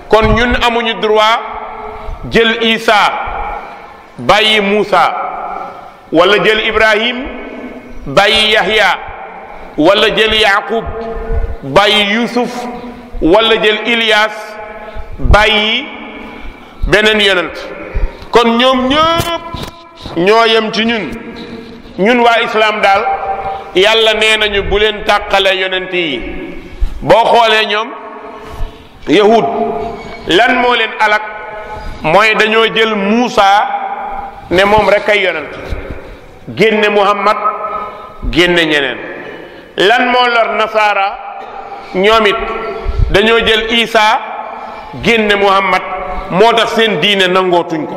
kon ñun amuñu droit jël Isa bàyyi Muusa wala jël Ibrahim bàyyi Yahya wala jël Yaqub bàyyi yusuf wala jël Ilias bàyyi beneen yonent kon ñoom ñëpp ñoo yem ci ñun ñun waa islaam daal yàlla nee nañu bu leen tàqale yonent yi boo xoolee ñoom yahud lan moo leen alak mooy dañoo jël Muusa ne moom rek ay yonent génne Muhammad génne ñeneen lan moo lor nasaara ñoom it dañoo jël Isa génne Muhammad moo tax seen diine nangootuñ ko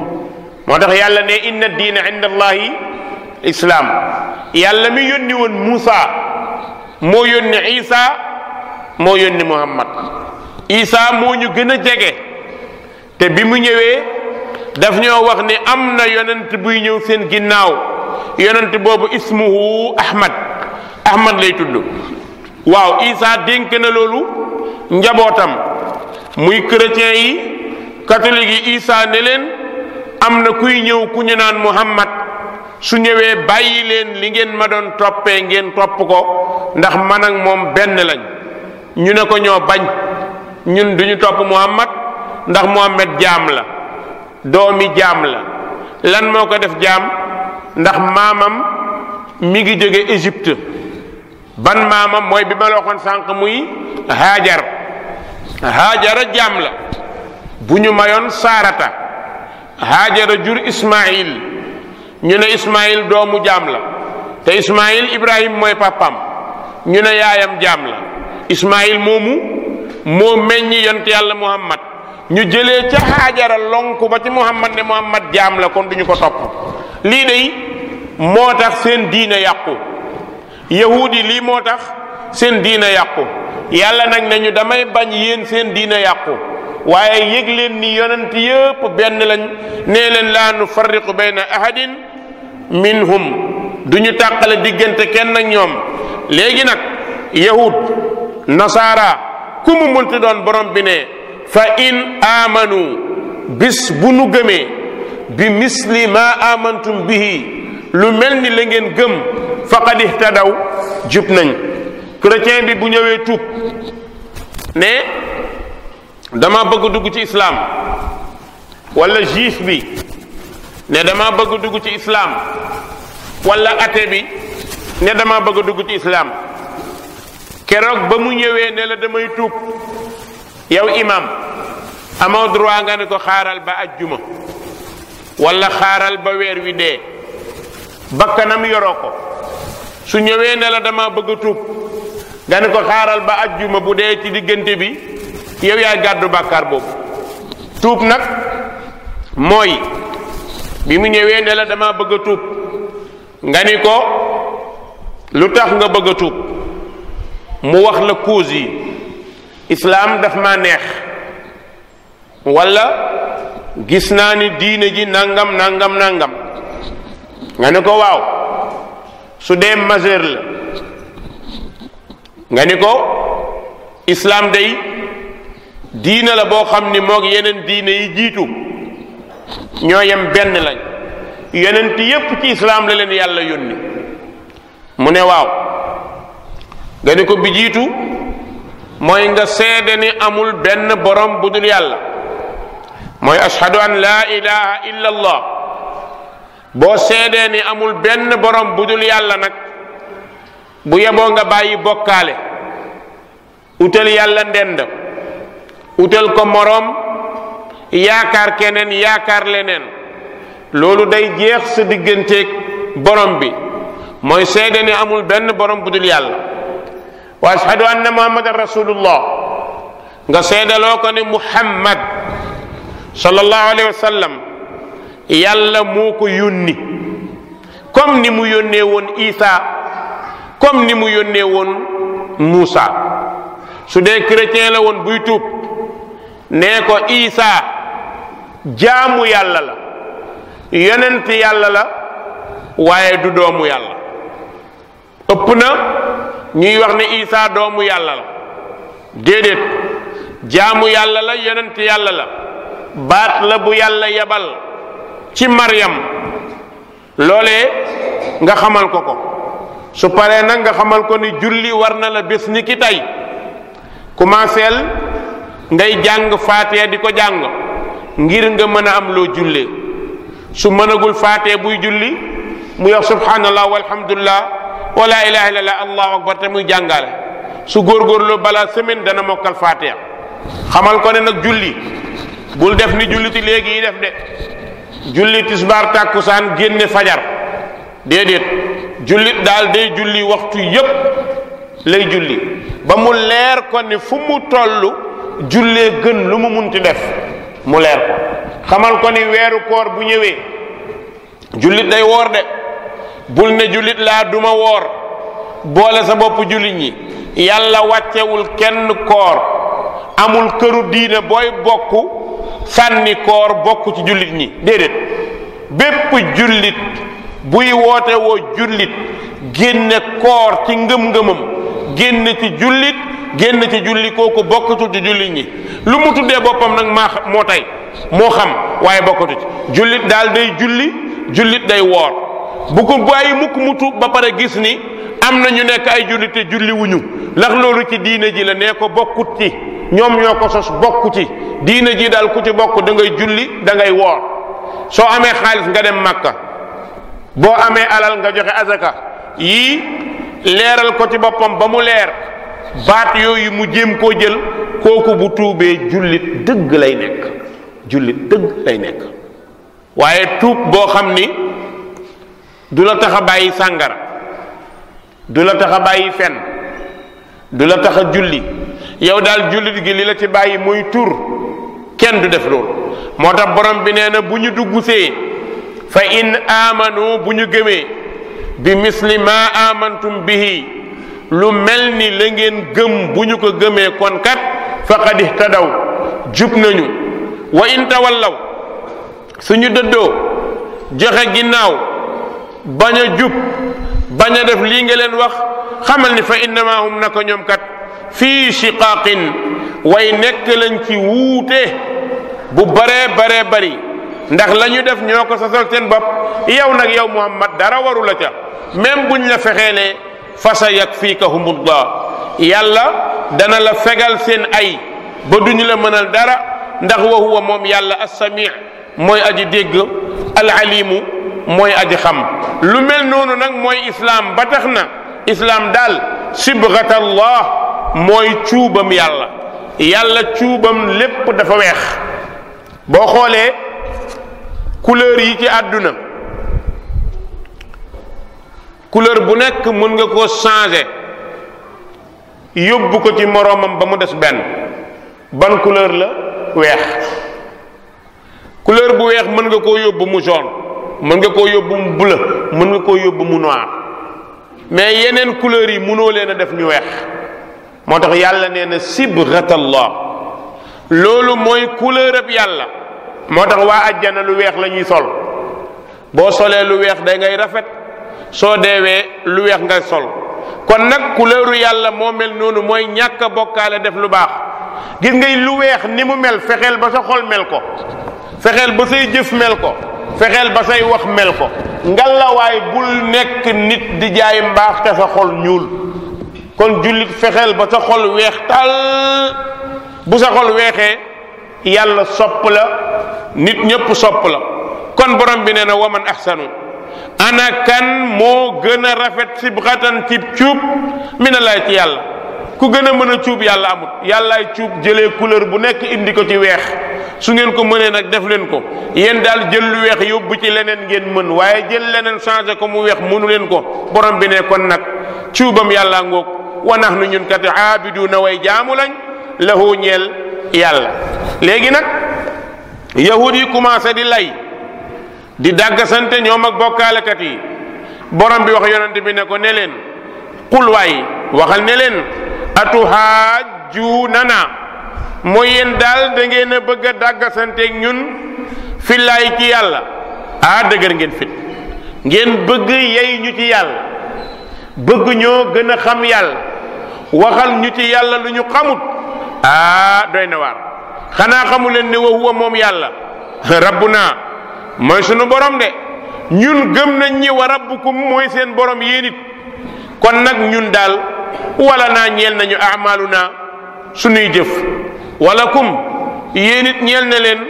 moo tax yàlla ne inna diine inda allahi islaam yàlla mi yónni woon Muusa moo yónni Isa moo yónni Muhammad Isa moo ñu gën a jege te bi mu ñëwee daf ñoo wax ni am na yonent buy ñëw seen ginnaaw yonent boobu ismuhu Ahmad Ahmad lay tudd waaw Isa dénk na loolu njabootam muy chrétien yi catholique yi Isa ne leen am na kuy ñëw ku ñu naan Muhammad su ñëwee bàyyi leen li ngeen ma doon toppee ngeen topp ko ndax man ak moom benn lañ ñu ne ko ñoo bañ ñun duñu topp Muhammad ndax Muhammad jaam la doomi jaam la lan moo ko def jaam ndax maamam mi ngi jóge Égypte ban maamam mooy bi ma la sànq muy haajar haajara jaam la bu ñu mayoon saarata haajara jur ismail ñu ne ismail doomu jaam la te ismail ibrahim mooy pappam ñu ne yaayam jaam la ismail moomu moo meññ yont yàlla muhammad ñu jële ca haajara lonku ba ci muhammad ne muhammad jaam la kon du ko topp lii de moo tax seen diine yàqu yahuud lii moo tax seen diina yàqu yàlla nag nañu ñu damay bañ yéen seen diina yàqu waaye yëg leen ni yonent yëpp benn lañ nee leen laa nu farriqu bayna ahadin minhum du tàqale diggante kenn ñoom léegi nag yahud nasaara ku mu munti doon borom bi ne fa in aamanu bis bu nu gëmee bi misli ma amantum bihi lu mel ni la ngeen gëm faqad ihtadaw jub nañ chrétien bi bu ñëwee tuub ne dama bëgg dugg ci islaam wala juif bi ne dama bëgg dugg ci islaam wala athée bi ne dama bëgg dugg ci keroog ba mu ñëwee ne la damay tuub yow imam amoo droit nga ne ko xaaral ba ajjuma wala xaaral ba weer wi dee bakkanam yoroo ko su ñëwee ne la dama bëgg a tuub nga ne ko xaaral ba ajjuma bu dee ci diggante bi yow yaa gàddu bàkkaar boobu tuub nag mooy bi mu ñëwee ne la dama bëgg a tuub nga ni ko lu tax nga bëgg a tuub mu wax la cause yi islaam daf ma neex walla gis naa ni diine ji nangam nangam nangam nga ni ko waaw su dee majeur la nga ni ko islaam day diina la boo xam ni moog yeneen diine yi jiitu ñoo yam benn lañ yeneen ti yépp ci islaam la leen yàlla yónni mu ne waaw nga ni ko bi jiitu mooy nga seede ni amul benn borom bu dul yàlla mooy ashhadu an laa ilaha illa allah boo seedee ni amul benn borom bu dul yàlla nag bu yeboo nga bàyyi bokkaale utal yàlla ndend utal ko moroom yaakaar keneen yaakaar leneen loolu day jeex sa digganteeg borom bi mooy seede ni amul benn borom bu dul yàlla wa ashhadu anna muhammadan rasulullah nga seedaloo ko ni muhammad sallallahu alayhi wa sallam yàlla moo ko yónni comme ni mu yónnee woon Isa comme ni mu yónnee woon Muusa su dee chrétien la woon buy tuub nee ko Isa jaamu yàlla la yonent yàlla la waaye du doomu yàlla ëpp na ñuy wax ne Isa doomu yàlla la déedéet jaamu yàlla la yenent yàlla la baat la bu yàlla yebal ci Maryam loole nga xamal ko ko su paree nag nga xamal ko ni julli war na la bés ni ki tay commenceel ngay jàng faatee di ko jàng ngir nga mën a am loo jullee su mënagul faatee buy julli mu yox subhanallah walhamdulillah wala ilaha illallah allahu akbar te muy jàngaale su góor góorlu balaa semaine dana mokkal faatee xamal ko ne nag julli bul def ni julliti léegi yi def de julli tisbaar tàkkusaan génne fajar déedéet jullit daal day julli waxtu yépp lay julli ba mu leer ko ne fu mu toll jullee gën lu mu munti def mu leer ko xamal ko ni weeru koor bu ñëwee jullit day woor de bul ne jullit laa duma woor boole sa bopp jullit ñi yàlla wàccewul kenn koor amul këru diine booy bokk sànni koor bokk ci jullit ñi déedéet bépp jullit buy wootewoo woo jullit génne koor ci ngëm-ngëmam génn ci jullit génn ci julli kooku bokkatul ci jullit ñi lu mu tuddee boppam nag moo tey moo xam waaye bokkatu ci jullit daal day julli jullit day woor bu ko bàyyi mukk mu tuub ba pare gis ni am na ñu nekk ay julli te julli wuñu loolu ci diine ji la nee ko bokkut ci ñoom ñoo ko sos bokku ci diine ji daal ku ci bokk da ngay julli da ngay woor soo amee xaalis nga dem màkka boo amee alal nga joxe azaka yii leeral ko ci boppam ba mu leer baat yooyu mu jéem koo jël kooku bu tuubee jullit dëgg lay nekk jullit dëgg lay nekk waaye tuub boo xam ni du la tax a bàyyi sàngara du la taxa bàyyi fen du la taxa julli yow daal jullit gi li la ci bàyyi muy tur kenn du def lool moo tax borom bi nee na bu ñu duggsee fa in amanu bu ñu gëmee bi misli ma amantum bihi lu mel ni la ngeen gëm bu ñu ko gëmee kon kat faqad ihtadaw jub nañu wa in tawallaw suñu dëddoo joxe ginnaaw bañ a jub bañ a def lii nga leen wax xamal ni fa innama hum naka ñoom kat fii shiqaaqin way nekk lañ ci wuute bu bare bare bari ndax la def ñoo ko sosal seen bopp yow nag yow muhammad dara waru la ca même buñ la fexeelee fa sa ba yàlla dana la fegal seen ay ba duñu la mënal dara ndax wa moom yàlla as-sami' mooy aj dégg al alimu mooy aj xam lu mel noonu nag mooy islaam ba tax na islaam daal sibghatallah mooy cuubam yàlla yàlla cuubam lépp dafa weex boo xoolee couleur yi ci àdduna couleur bu nekk mën nga koo changer yóbbu ko ci moroomam ba mu des benn ban couleur la weex couleur bu weex mën nga koo yóbbu mu jaune mën nga koo yóbbu mu bleu mën nga koo yóbbu mu noir mais yeneen couleurs yi mënoo leen a def ñu weex moo tax yàlla nee na sibratallah loolu mooy couleur yàlla moo tax waa ajjana lu weex la ñuy sol boo solee lu weex day ngay rafet soo deewee lu weex nga sol kon nag couleuru yàlla moo mel noonu mooy ñàkk a bokkaale def lu baax gis ngay lu weex ni mu mel fexeel ba sa xol mel ko fexeel ba say jëf mel ko fexeel ba say wax mel ko ngalawaay bul nekk nit di jaay mbaax te sa xol ñuul kon jullit fexeel ba sa xol weex tal bu sa xol weexee yàlla sopp la nit ñépp sopp la kon borom bi nee na waman ahsanu ana kan moo gën a rafet sibxatan cib cuub mi na laay ci yàlla ku gën a mën a cuub yàlla amut yàllaay cuub jële couleur bu nekk indi ko ci weex su ngeen ko mënee nag def leen ko yéen daal jël lu weex yóbbu ci leneen ngeen mën waaye jël leneen changé ko mu weex mënu leen ko borom bi ne kon nag cuubam yàlla ngoog wa nahnu ñun kat na way jaamu lañ lahu ñeel yàlla léegi nag yahud yi commencé di lay di dàggasante ñoom ak bokkaalekat yi borom bi wax yonent bi ne ko ne leen qul waay waxal ne leen atuhaajjuunana mooy yéen daal da bëgg a ñun fillaay ci yàlla aa ah, dëgër ngeen fit ngeen bëgg yey ñu ci yàlla bëgguñoo ñoo gën a xam yàlla waxal ñu ci yàlla lu ñu xamut ah doy na waar xanaa xamu leen ne wa moom yàlla rabbuna mooy sunu borom de ñun gëm nañ ñi wa rabbukum mooy seen boroom yéen kon nag ñun daal wala naa ñeel nañu amaaluna suñuy jëf walakum yéen it ñeel na leen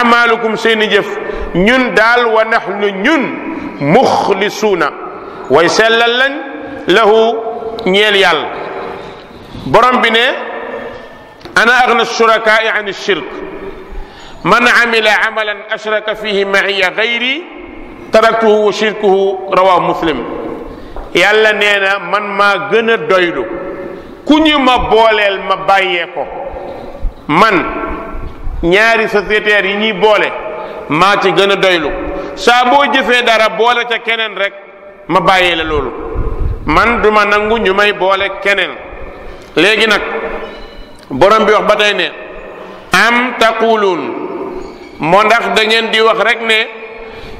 amaalukum seen i jëf ñun daal wa nahnu ñun muxlisuuna way sellal lañ lahu ñeel yàlla borom bi ne ana agna shurakaai an shirk man amila amalan ashraka fihi maiya gayri taraktuhu wa shirkuhu rawahu muslim yàlla nee na man maa gën a doylu ku ñu ma booleel ma bàyyee ko man ñaari sociétaires yi ñuy boole maa ci gën a doylu saa boo jëfee dara boole ca keneen rek ma bàyyee la loolu man duma nangu ñu may boole keneen léegi nag borom bi wax ba tey ne am taquluun moo ndax da ngeen di wax rek ne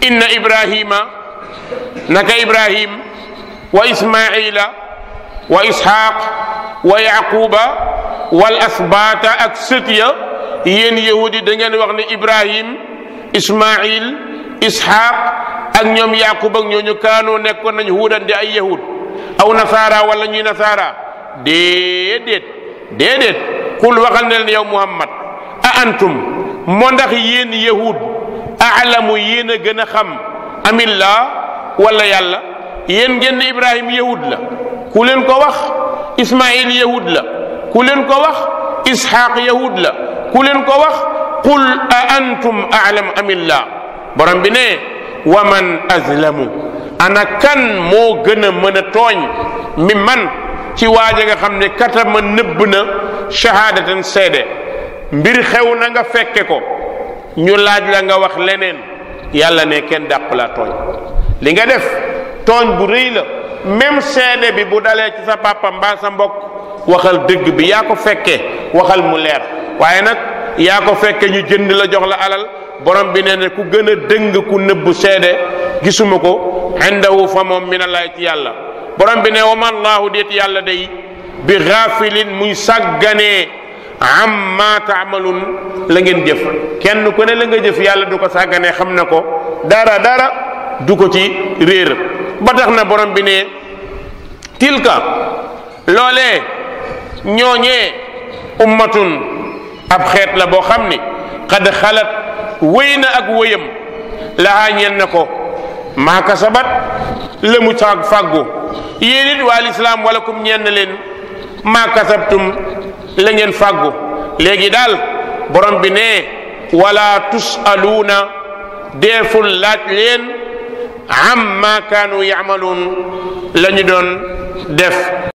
inna ibrahima naka ibrahim wa ismaila wa ishaq wa yaquba wal asbaata ak sët ya yéen yahudi da wax ni ibrahim ismail ishaq ak ñoom yaqub ak ñooñu kaanoo nekkoon nañu huudan di ay yahud aw nasaara wala ñuy nasaara déedéet déedéet kul waxal ne leen yow muhammad a antum moo ndax yéen yahud aalamu yéen a gën a xam amillah wala yàlla yéen ngeen ibrahim yahud la ku leen ko wax ismail yahud la ku leen ko wax isxaaq yahud la ku leen ko wax qul a antum aalam amillah borom bi ne wa man azlamu ana kan moo gën a mën a tooñ mi man ci waaje nga xam ne katama nëbb na shahaadatan seede mbir xew na nga fekke ko ñu laaj la nga wax leneen yàlla ne kenn dàq la tooñ li nga def tooñ bu rëy la même seede bi bu dalee ci sa papa mbaa sa mbokk waxal dëgg bi yaa ko fekke waxal mu leer waaye nag yaa ko fekke ñu jënd la jox la alal borom bi nee na ku gën a dëng ku nëbbu seede gisuma ko indahu fa moom mina laay ci yàlla borom bi ne wama allahu deet yàlla day bi xaafilin muy sàgganee amma taamaluun la ngeen jëf kenn ku ne la nga jëf yàlla du ko sàgganee xam na ko dara dara du ko ci réer ba tax na borom bi ne tilka loolee ñooñee ummatun ab xeet la boo xam ni xad xalat wéy na ak wéyam lahaa ñeen na ko maa kasabat la mu saag fàggu yéen it waa lislaam wala kum ñeen na leen maa kasabtum la ngeen fàggu léegi daal borom bi ne wala tusaluuna deeful laaj leen amma kaanu yamaluun la ñu doon def